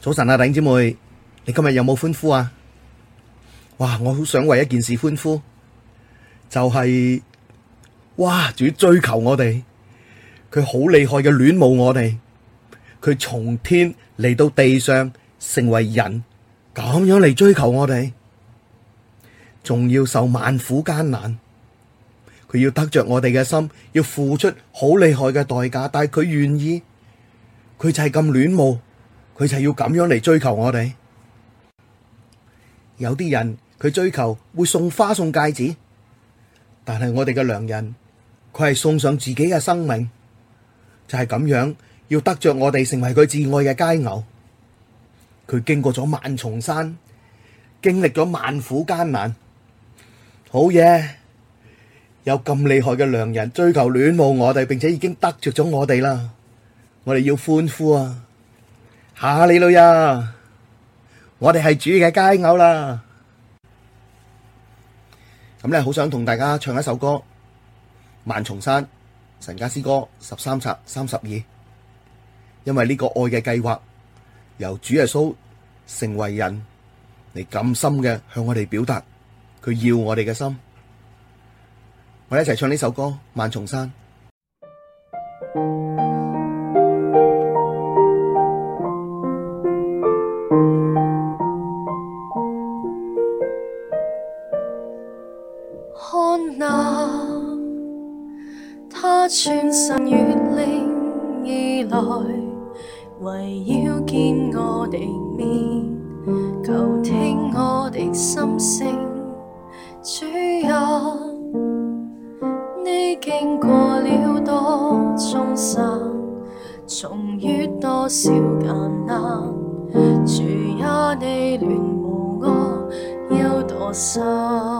早晨啊，弟兄姊妹，你今日有冇歡呼啊？哇，我好想為一件事歡呼，就係、是、哇，主追求我哋，佢好厲害嘅戀慕我哋，佢從天嚟到地上成為人，咁樣嚟追求我哋，仲要受萬苦艱難，佢要得着我哋嘅心，要付出好厲害嘅代價，但係佢願意，佢就係咁戀慕。佢就要咁樣嚟追求我哋，有啲人佢追求會送花送戒指，但係我哋嘅良人，佢係送上自己嘅生命，就係咁樣要得着我哋，成為佢至愛嘅佳偶。佢經過咗萬重山，經歷咗萬苦艱難，好嘢！有咁厲害嘅良人追求戀慕我哋，並且已經得着咗我哋啦，我哋要歡呼啊！吓你老呀！我哋係主嘅佳偶啦。咁咧，好想同大家唱一首歌《萬重山》，神家詩歌十三冊三十二。因為呢個愛嘅計劃，由主耶穌成為人嚟咁深嘅向我哋表達，佢要我哋嘅心。我哋一齊唱呢首歌《萬重山》。神越嶺而來，為要見我的面，求聽我的心聲。主啊，你經過了多重山，衝越多少艱難？主啊，你戀慕我，有多深？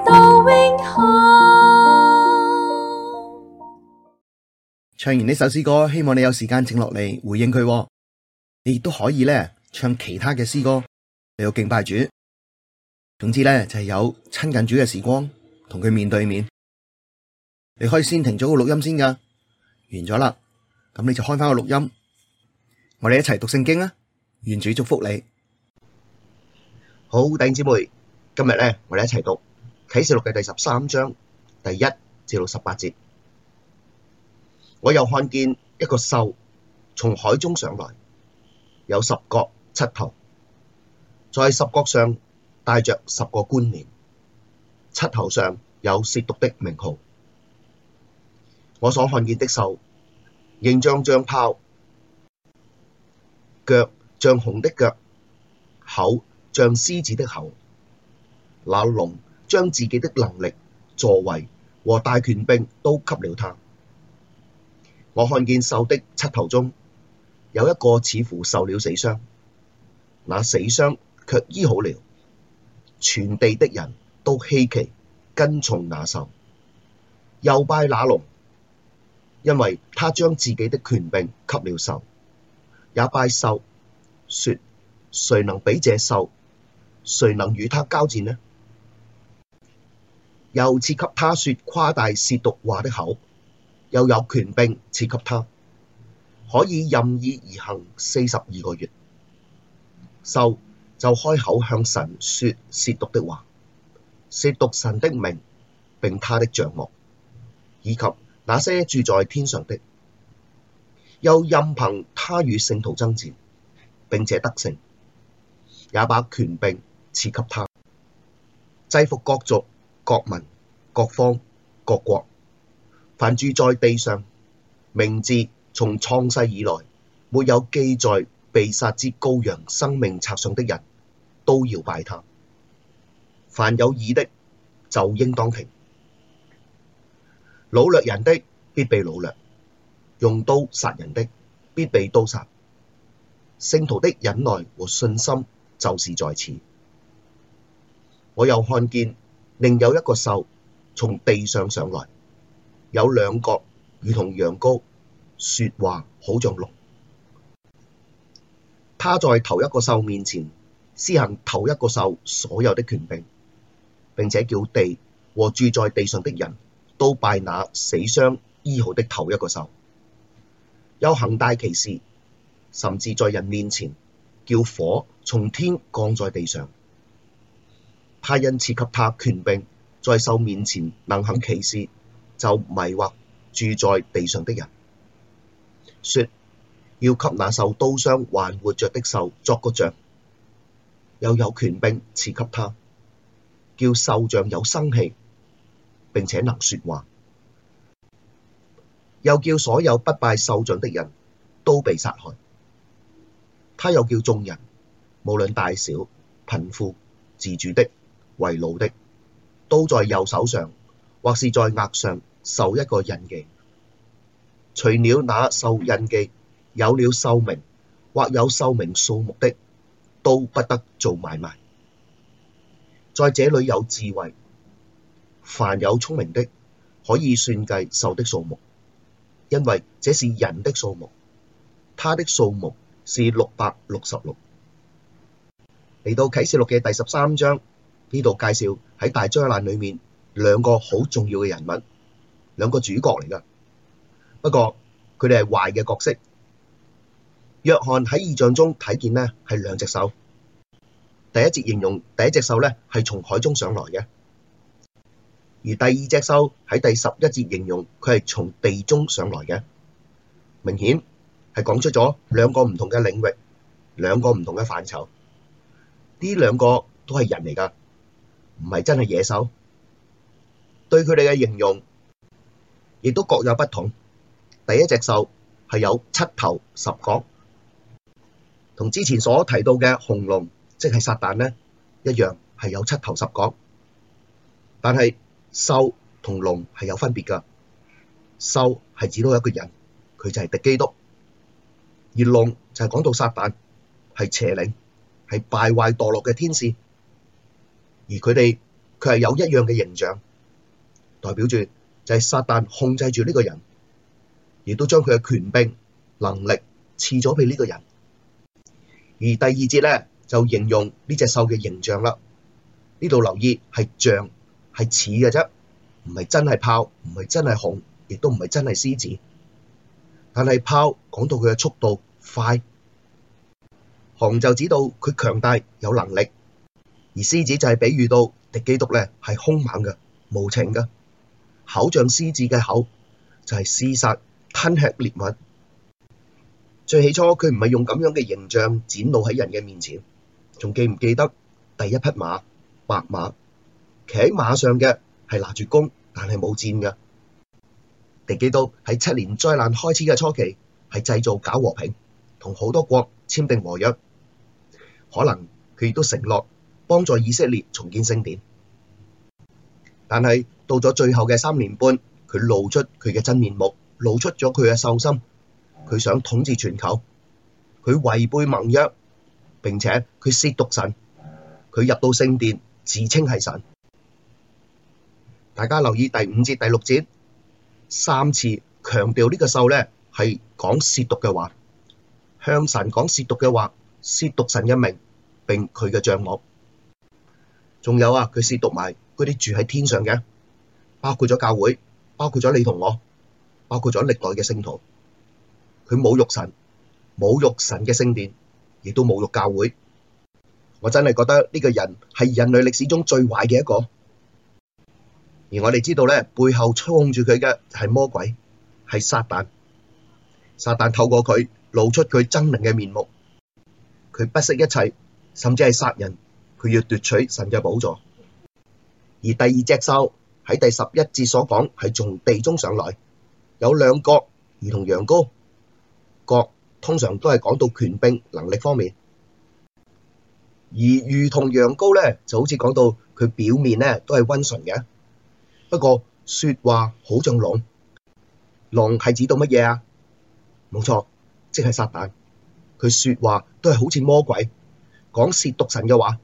聽完呢首詩歌，希望你有時間請落嚟回應佢。你亦都可以咧唱其他嘅詩歌，你要敬拜主。總之咧就係、是、有親近主嘅時光，同佢面對面。你可以先停咗個錄音先噶，完咗啦，咁你就開翻個錄音。我哋一齊讀聖經啊！願主祝福你。好，弟兄姊妹，今日咧我哋一齊讀啟示錄嘅第十三章第一至到十八節。我又看見一個獸從海中上來，有十角七頭，在十角上戴着十個冠冕，七頭上有褻瀆的名號。我所看見的獸，形狀像，腳像像豹，腳像熊的腳，口像獅子的口。那龍將自己的能力、座位和大權柄都給了他。我看見獸的七頭中有一個似乎受了死傷，那死傷卻醫好了。全地的人都希奇跟從，跟從那獸，又拜那龍，因為他將自己的權柄給了獸，也拜獸，說：誰能比這獸？誰能與他交戰呢？又賜給他説誇大褻瀆話的口。又有權柄賜給他，可以任意而行四十二個月。獸就開口向神説褻瀆的話，褻瀆神的名並他的帳幕，以及那些住在天上的，又任憑他與聖徒爭戰，並且得勝，也把權柄賜給他，制伏各族、各民、各方、各國。凡住在地上，名字從創世以來沒有記在被殺之羔羊生命冊上的人，都要拜他。凡有耳的，就應當聽。擄掠人的必被擄掠，用刀殺人的必被刀殺。聖徒的忍耐和信心就是在此。我又看見另有一個獸從地上上來。有兩角，如同羊羔，說話好像龍。他在頭一個獸面前施行頭一個獸所有的權柄，並且叫地和住在地上的人，都拜那死傷醫好的頭一個獸。有行大奇事，甚至在人面前叫火從天降在地上。他因賜給他權柄，在獸面前能行奇事，就迷惑住在地上的人，說要給那受刀傷還活着的獸作個像，又有權柄賜給他，叫獸像有生氣，並且能說話。又叫所有不拜獸像的人都被殺害。他又叫眾人，無論大小、貧富、自主的、為奴的，都在右手上或是在額上。受一個印記，除了那受印記，有了獸名或有獸名數目的，都不得做買賣。在這裡有智慧，凡有聰明的，可以算計獸的數目，因為這是人的數目，他的數目是六百六十六。嚟到啟示錄嘅第十三章呢度介紹喺大災難裏面兩個好重要嘅人物。兩個主角嚟噶，不過佢哋係壞嘅角色。約翰喺意象中睇見呢係兩隻獸，第一節形容第一隻獸呢係從海中上來嘅，而第二隻獸喺第十一節形容佢係從地中上來嘅。明顯係講出咗兩個唔同嘅領域，兩個唔同嘅範疇。呢兩個都係人嚟噶，唔係真係野獸。對佢哋嘅形容。亦都各有不同。第一隻獸係有七頭十角，同之前所提到嘅紅龍，即係撒但呢一樣，係有七頭十角。但係獸同龍係有分別㗎。獸係指到一個人，佢就係敵基督；而龍就係講到撒但，係邪靈，係敗壞墮落嘅天使。而佢哋佢係有一樣嘅形象，代表住，就係撒旦控制住呢個人，亦都將佢嘅權柄、能力賜咗畀呢個人。而第二節咧就形容呢隻獸嘅形象啦。呢度留意係像係似嘅啫，唔係真係豹，唔係真係熊，亦都唔係真係獅子。但係豹講到佢嘅速度快，熊就指到佢強大有能力，而獅子就係比喻到敵基督咧係兇猛嘅、無情嘅。口像獅子嘅口，就係、是、廝殺吞吃獵物。最起初佢唔係用咁樣嘅形象展露喺人嘅面前，仲記唔記得第一匹馬，白馬騎喺馬上嘅係拿住弓，但係冇箭嘅。敵基督喺七年災難開始嘅初期，係製造假和平，同好多國簽訂和約，可能佢亦都承諾幫助以色列重建聖殿。但係，到咗最後嘅三年半，佢露出佢嘅真面目，露出咗佢嘅獸心。佢想統治全球，佢違背盟約，並且佢褻瀆神，佢入到聖殿自稱係神。大家留意第五節、第六節三次強調呢個獸呢係講褻瀆嘅話，向神講褻瀆嘅話，褻瀆神一名，並佢嘅帳幕。仲有啊，佢褻瀆埋嗰啲住喺天上嘅。包括咗教會，包括咗你同我，包括咗歷代嘅聖徒，佢侮辱神，侮辱神嘅聖殿，亦都侮辱教會。我真係覺得呢個人係人類歷史中最壞嘅一個，而我哋知道咧，背後操控住佢嘅係魔鬼，係撒旦，撒旦透過佢露出佢猙獰嘅面目，佢不惜一切，甚至係殺人，佢要奪取神嘅寶座。而第二隻獸。喺第十一節所講係從地中上來，有兩角如同羊羔。角通常都係講到權柄能力方面，而如同羊羔咧就好似講到佢表面咧都係温順嘅，不過説話好像龍。龍係指到乜嘢啊？冇錯，即係撒旦。佢説話都係好似魔鬼，講褻瀆神嘅話，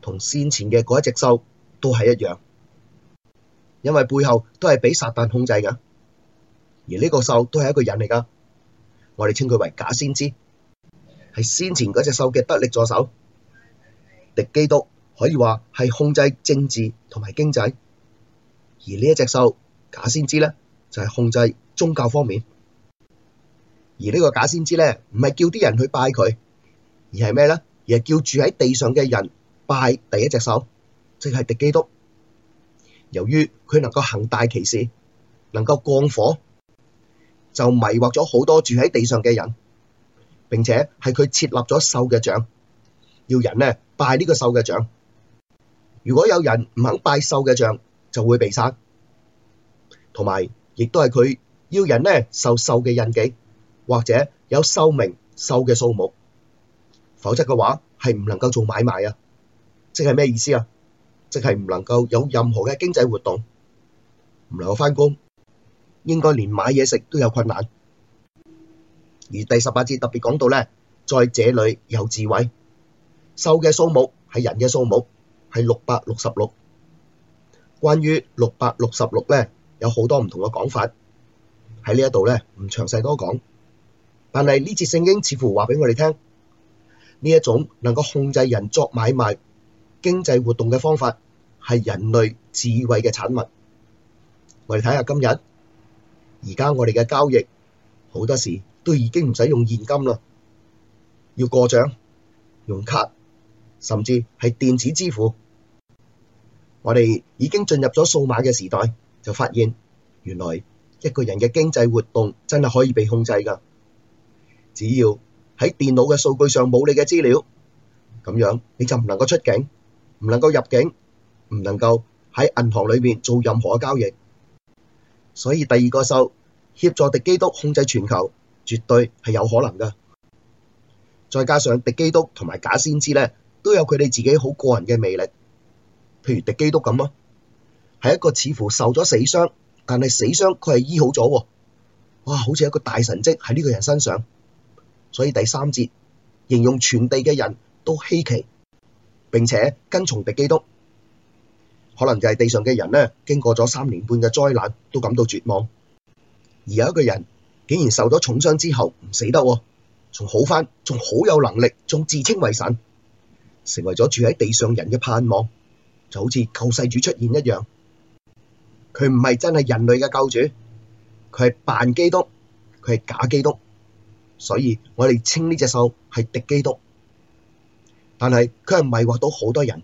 同先前嘅嗰一隻獸都係一樣。因為背後都係俾撒旦控制噶，而呢個獸都係一個人嚟噶，我哋稱佢為假先知，係先前嗰隻獸嘅得力助手。敵基督可以話係控制政治同埋經濟，而呢一隻獸假先知咧就係控制宗教方面。而呢個假先知咧唔係叫啲人去拜佢，而係咩咧？而係叫住喺地上嘅人拜第一隻獸，即係敵基督。由於佢能夠行大奇事，能夠降火，就迷惑咗好多住喺地上嘅人。並且係佢設立咗獸嘅像，要人咧拜呢個獸嘅像。如果有人唔肯拜獸嘅像，就會被殺。同埋亦都係佢要人咧受獸嘅印記，或者有獸名獸嘅數目，否則嘅話係唔能夠做買賣啊！即係咩意思啊？即係唔能夠有任何嘅經濟活動，唔能夠翻工，應該連買嘢食都有困難。而第十八節特別講到咧，在這裡有智慧，獸嘅數目係人嘅數目係六百六十六。關於六百六十六咧，有好多唔同嘅講法，喺呢一度咧唔詳細多講。但係呢節聖經似乎話俾我哋聽，呢一種能夠控制人作買賣。經濟活動嘅方法係人類智慧嘅產物。我哋睇下今日，而家我哋嘅交易好多時都已經唔使用用現金啦，要過帳、用卡，甚至係電子支付。我哋已經進入咗數碼嘅時代，就發現原來一個人嘅經濟活動真係可以被控制㗎。只要喺電腦嘅數據上冇你嘅資料，咁樣你就唔能夠出境。唔能夠入境，唔能夠喺銀行裏面做任何交易，所以第二個獸協助敵基督控制全球，絕對係有可能嘅。再加上敵基督同埋假先知咧，都有佢哋自己好個人嘅魅力。譬如敵基督咁咯，係一個似乎受咗死傷，但係死傷佢係醫好咗喎。哇，好似一個大神蹟喺呢個人身上。所以第三節形容全地嘅人都稀奇。並且跟從敵基督，可能就係地上嘅人咧，經過咗三年半嘅災難，都感到絕望。而有一個人竟然受咗重傷之後唔死得，仲好翻，仲好有能力，仲自稱為神，成為咗住喺地上人嘅盼望，就好似救世主出現一樣。佢唔係真係人類嘅救主，佢係扮基督，佢係假基督，所以我哋稱呢隻獸係敵基督。但係佢係迷惑到好多人，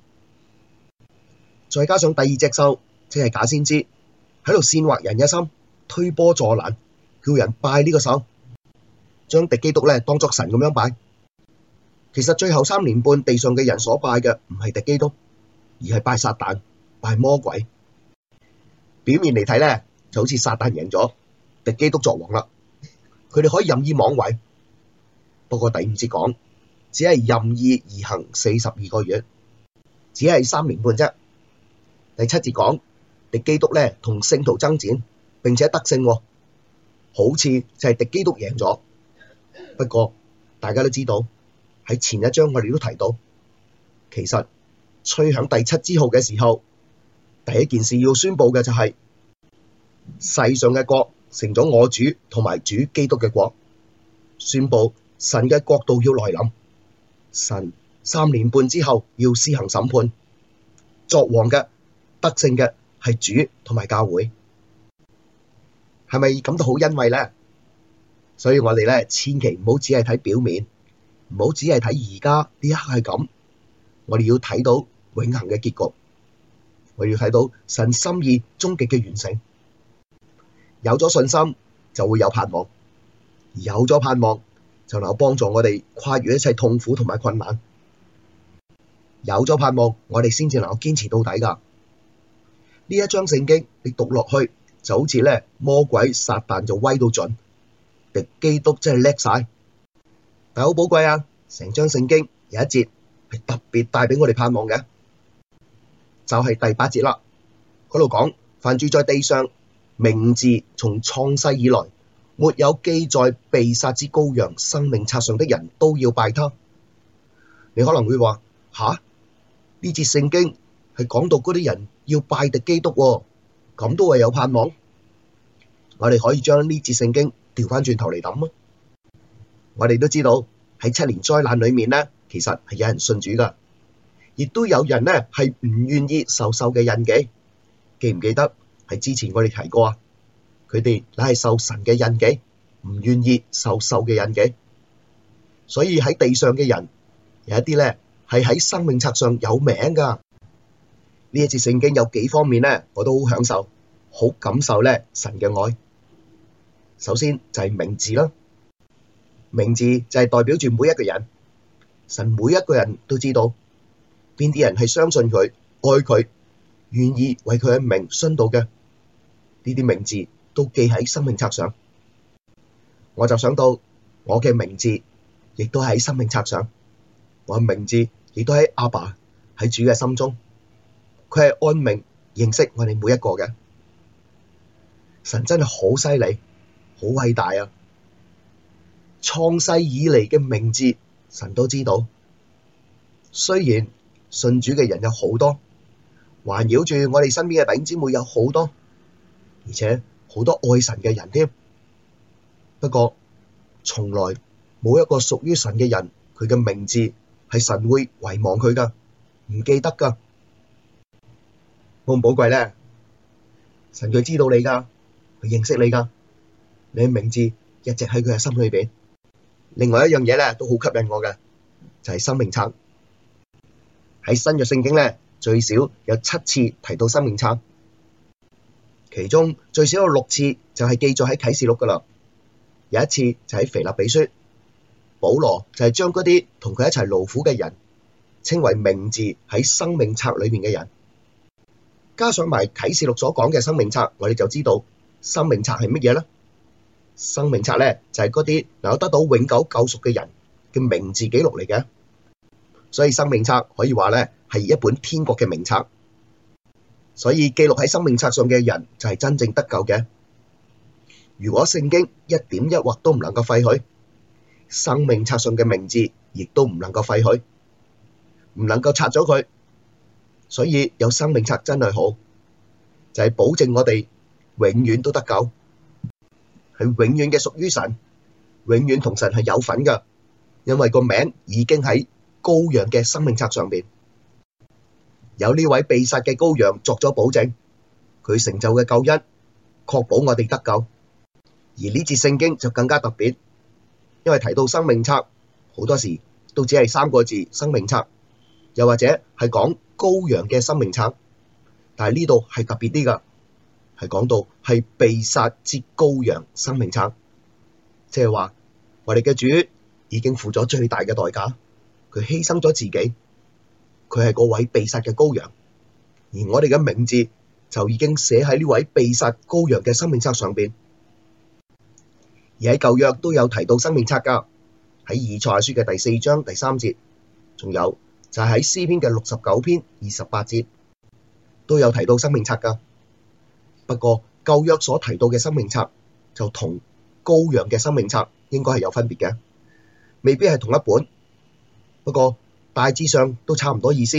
再加上第二隻獸即係假先知喺度煽惑人嘅心，推波助瀾，叫人拜呢個獸，將敵基督咧當作神咁樣拜。其實最後三年半地上嘅人所拜嘅唔係敵基督，而係拜撒旦、拜魔鬼。表面嚟睇咧就好似撒旦贏咗，敵基督作王啦。佢哋可以任意妄為。不過第五節講。只係任意而行四十二個月，只係三年半啫。第七節講敵基督咧同聖徒爭戰，並且得勝，哦，好似就係敵基督贏咗。不過大家都知道喺前一章我哋都提到，其實吹響第七支號嘅時候，第一件事要宣佈嘅就係、是、世上嘅國成咗我主同埋主基督嘅國，宣佈神嘅國度要來臨。神三年半之後要施行審判，作王嘅、得勝嘅係主同埋教會，係咪感到好欣慰咧？所以我哋咧，千祈唔好只係睇表面，唔好只係睇而家呢一刻係咁，我哋要睇到永恒嘅結局，我要睇到神心意終極嘅完成。有咗信心就會有盼望，有咗盼望。就能夠幫助我哋跨越一切痛苦同埋困難。有咗盼望，我哋先至能夠堅持到底噶。呢一張聖經，你讀落去就好似咧，魔鬼撒旦就威到盡，敵基督真係叻晒。但好寶貴啊，成張聖經有一節係特別帶俾我哋盼望嘅，就係、是、第八節啦。嗰度講：凡住在地上，名字從創世以來。沒有記載被殺之羔羊生命冊上的人，都要拜他。你可能會話吓，呢節聖經係講到嗰啲人要拜敵基督，啊，咁都係有盼望。我哋可以將呢節聖經調翻轉頭嚟諗啊！我哋都知道喺七年災難裏面呢，其實係有人信主噶，亦都有人呢係唔願意受受嘅印記。記唔記得係之前我哋提過啊？佢哋乃係受神嘅印記，唔願意受獸嘅印記。所以喺地上嘅人有一啲咧，係喺生命冊上有名噶。呢一節聖經有幾方面咧，我都好享受，好感受咧神嘅愛。首先就係名字啦，名字就係代表住每一個人，神每一個人都知道邊啲人係相信佢、愛佢、願意為佢嘅名殉道嘅呢啲名字。都記喺生命冊上，我就想到我嘅名字亦都喺生命冊上，我嘅名字亦都喺阿爸喺主嘅心中，佢係按名認識我哋每一個嘅神，真係好犀利，好偉大啊！創世以嚟嘅名字，神都知道。雖然信主嘅人有好多，環繞住我哋身邊嘅弟兄姊妹有好多，而且。好多愛神嘅人添，不過從來冇一個屬於神嘅人，佢嘅名字係神會遺忘佢噶，唔記得噶好唔寶貴咧。神佢知道你噶佢認識你噶你嘅名字一直喺佢嘅心裏邊。另外一樣嘢咧都好吸引我嘅，就係、是、生命冊。喺新約聖經咧，最少有七次提到生命冊。其中最少有六次就係記載喺啟示錄㗎啦，有一次就喺腓立比書，保羅就係將嗰啲同佢一齊勞苦嘅人，稱為名字喺生命冊裏面嘅人，加上埋啟示錄所講嘅生命冊，我哋就知道生命冊係乜嘢啦。生命冊咧就係嗰啲能夠得到永久救贖嘅人嘅名字記錄嚟嘅，所以生命冊可以話咧係一本天國嘅名冊。所以記錄喺生命冊上嘅人就係真正得救嘅。如果聖經一點一劃都唔能夠廢去，生命冊上嘅名字亦都唔能夠廢去，唔能夠拆咗佢。所以有生命冊真係好，就係、是、保證我哋永遠都得救，係永遠嘅屬於神，永遠同神係有份㗎。因為個名已經喺羔羊嘅生命冊上邊。有呢位被殺嘅羔羊作咗保證，佢成就嘅救恩，確保我哋得救。而呢節聖經就更加特別，因為提到生命冊，好多時都只係三個字“生命冊”，又或者係講羔羊嘅生命冊。但係呢度係特別啲噶，係講到係被殺之羔羊生命冊，即係話我哋嘅主已經付咗最大嘅代價，佢犧牲咗自己。佢係個位被殺嘅羔羊，而我哋嘅名字就已經寫喺呢位被殺羔羊嘅生命冊上邊。而喺舊約都有提到生命冊㗎，喺以賽亞書嘅第四章第三節，仲有就係喺詩篇嘅六十九篇二十八節都有提到生命冊㗎。不過舊約所提到嘅生命冊就同羔羊嘅生命冊應該係有分別嘅，未必係同一本。不過，大致上都差唔多意思。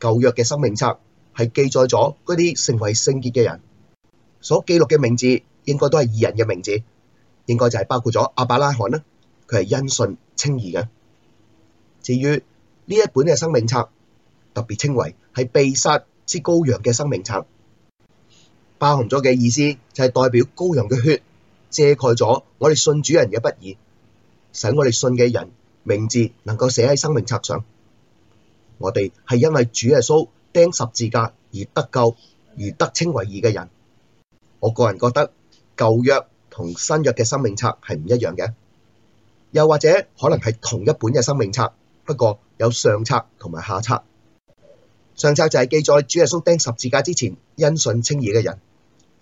舊約嘅生命冊係記載咗嗰啲成為聖潔嘅人所記錄嘅名字，應該都係義人嘅名字，應該就係包括咗亞伯拉罕啦。佢係因信稱義嘅。至於呢一本嘅生命冊特別稱為係被殺之羔羊嘅生命冊，包含咗嘅意思就係代表羔羊嘅血遮蓋咗我哋信主人嘅不義，使我哋信嘅人。名字能夠寫喺生命冊上，我哋係因為主耶穌釘十字架而得救而得稱為義嘅人。我個人覺得舊約同新約嘅生命冊係唔一樣嘅，又或者可能係同一本嘅生命冊，不過有上冊同埋下冊。上冊就係記載主耶穌釘十字架之前因信稱義嘅人，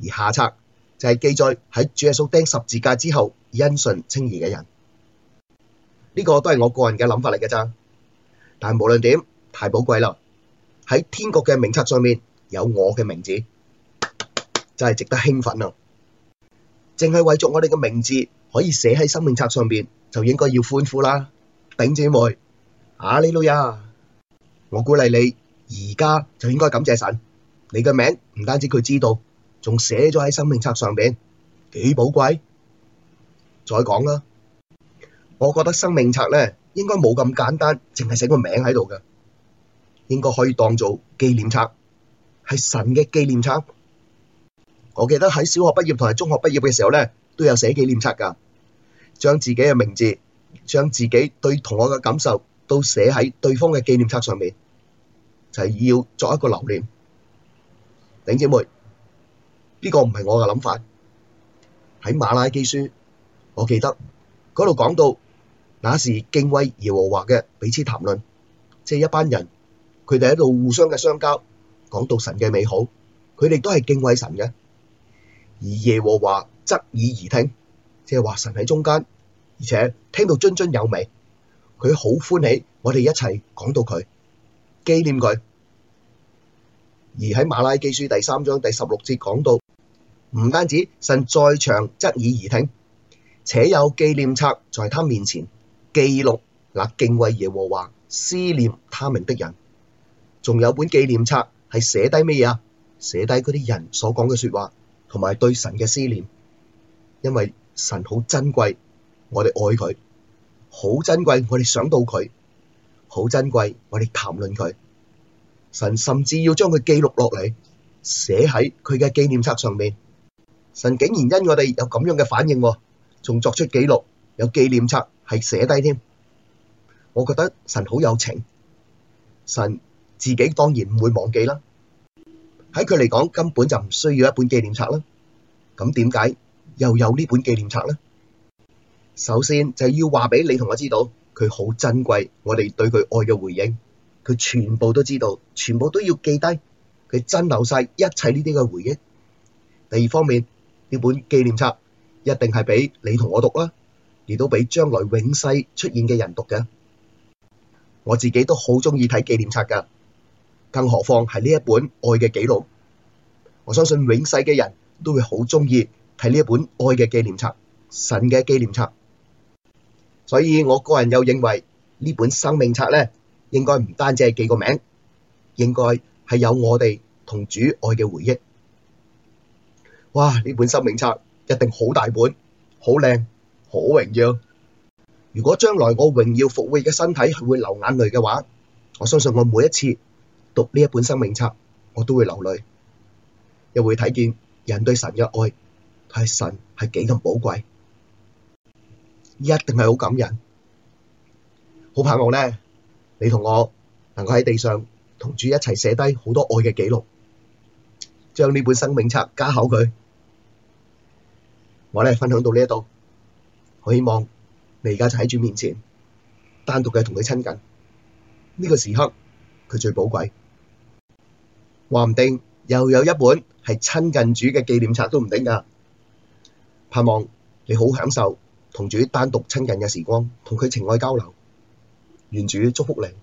而下冊就係記載喺主耶穌釘十字架之後因信稱義嘅人。呢個都係我個人嘅諗法嚟嘅咋，但係無論點，太寶貴啦！喺天國嘅名冊上面有我嘅名字，真係值得興奮啊！淨係為咗我哋嘅名字可以寫喺生命冊上邊，就應該要歡呼啦！頂姐妹，阿里路亞，我鼓勵你，而家就應該感謝神，你嘅名唔單止佢知道，仲寫咗喺生命冊上邊，幾寶貴！再講啦。我覺得生命冊咧，應該冇咁簡單，淨係寫個名喺度噶應該可以當做紀念冊，係神嘅紀念冊。我記得喺小學畢業同埋中學畢業嘅時候咧，都有寫紀念冊噶將自己嘅名字，將自己對同學嘅感受都寫喺對方嘅紀念冊上面，就係、是、要作一個留念。頂姐妹，呢、這個唔係我嘅諗法。喺馬拉基書，我記得嗰度講到。那是敬畏耶和華嘅彼此談論，即係一班人，佢哋喺度互相嘅相交，講到神嘅美好，佢哋都係敬畏神嘅。而耶和華側耳而聽，即係話神喺中間，而且聽到津津有味，佢好歡喜我，我哋一齊講到佢，紀念佢。而喺瑪拉基書第三章第十六節講到，唔單止神在場側耳而聽，且有紀念冊在他面前。記錄嗱，敬畏耶和華思念他名的人，仲有本紀念冊係寫低乜嘢啊？寫低嗰啲人所講嘅說話，同埋對神嘅思念。因為神好珍貴，我哋愛佢好珍貴，我哋想到佢好珍貴，我哋談論佢。神甚至要將佢記錄落嚟，寫喺佢嘅紀念冊上面。神竟然因我哋有咁樣嘅反應，仲作出記錄有紀念冊係寫低添，我覺得神好有情，神自己當然唔會忘記啦。喺佢嚟講根本就唔需要一本紀念冊啦。咁點解又有呢本紀念冊呢？首先就要話俾你同我知道，佢好珍貴，我哋對佢愛嘅回應，佢全部都知道，全部都要記低，佢珍留晒一切呢啲嘅回憶。第二方面，呢本紀念冊一定係俾你同我讀啦。亦都俾將來永世出現嘅人讀嘅。我自己都好鍾意睇紀念冊噶，更何況係呢一本愛嘅記錄。我相信永世嘅人都會好鍾意睇呢一本愛嘅紀念冊、神嘅紀念冊。所以我個人又認為呢本生命冊咧，應該唔單止係記個名，應該係有我哋同主愛嘅回憶。哇！呢本生命冊一定好大本，好靚。好榮耀！如果將來我榮耀復活嘅身體會流眼淚嘅話，我相信我每一次讀呢一本生命冊，我都會流淚，又會睇見人對神嘅愛係神係幾咁寶貴，一定係好感人。好盼望咧，你同我能夠喺地上同主一齊寫低好多愛嘅記錄，將呢本生命冊加厚佢。我咧分享到呢一度。我希望你而家就喺主面前，單獨嘅同佢親近，呢、這個時刻佢最寶貴，話唔定又有一本係親近主嘅紀念冊都唔定㗎。盼望你好享受同主單獨親近嘅時光，同佢情愛交流。願主祝福你。